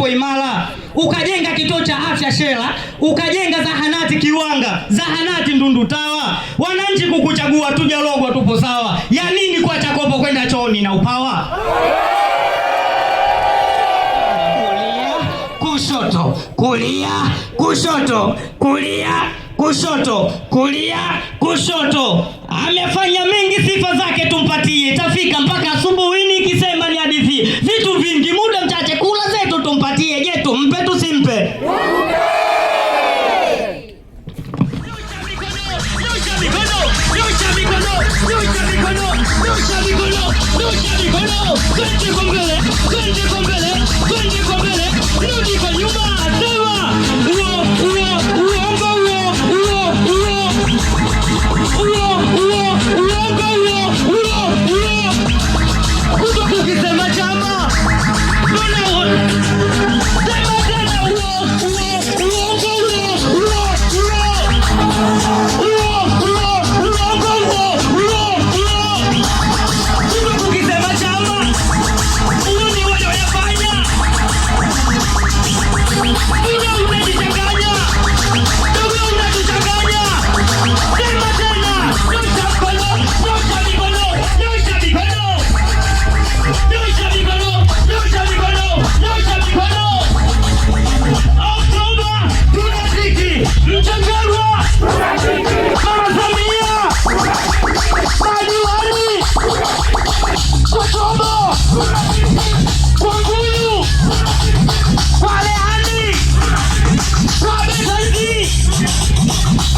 Tumbo Imara, ukajenga kituo cha afya Shela, ukajenga zahanati Kiwanga, zahanati Ndundu Tawa. Wananchi kukuchagua tujalogwa, tupo sawa. Ya nini kwa Chakopo kwenda chooni na upawa? kushoto, kulia kushoto, kulia kushoto kulia kushoto. Amefanya mengi, sifa zake tumpatie, tafika mpaka asubuhi. no, no, no, no, no, Wait, wait.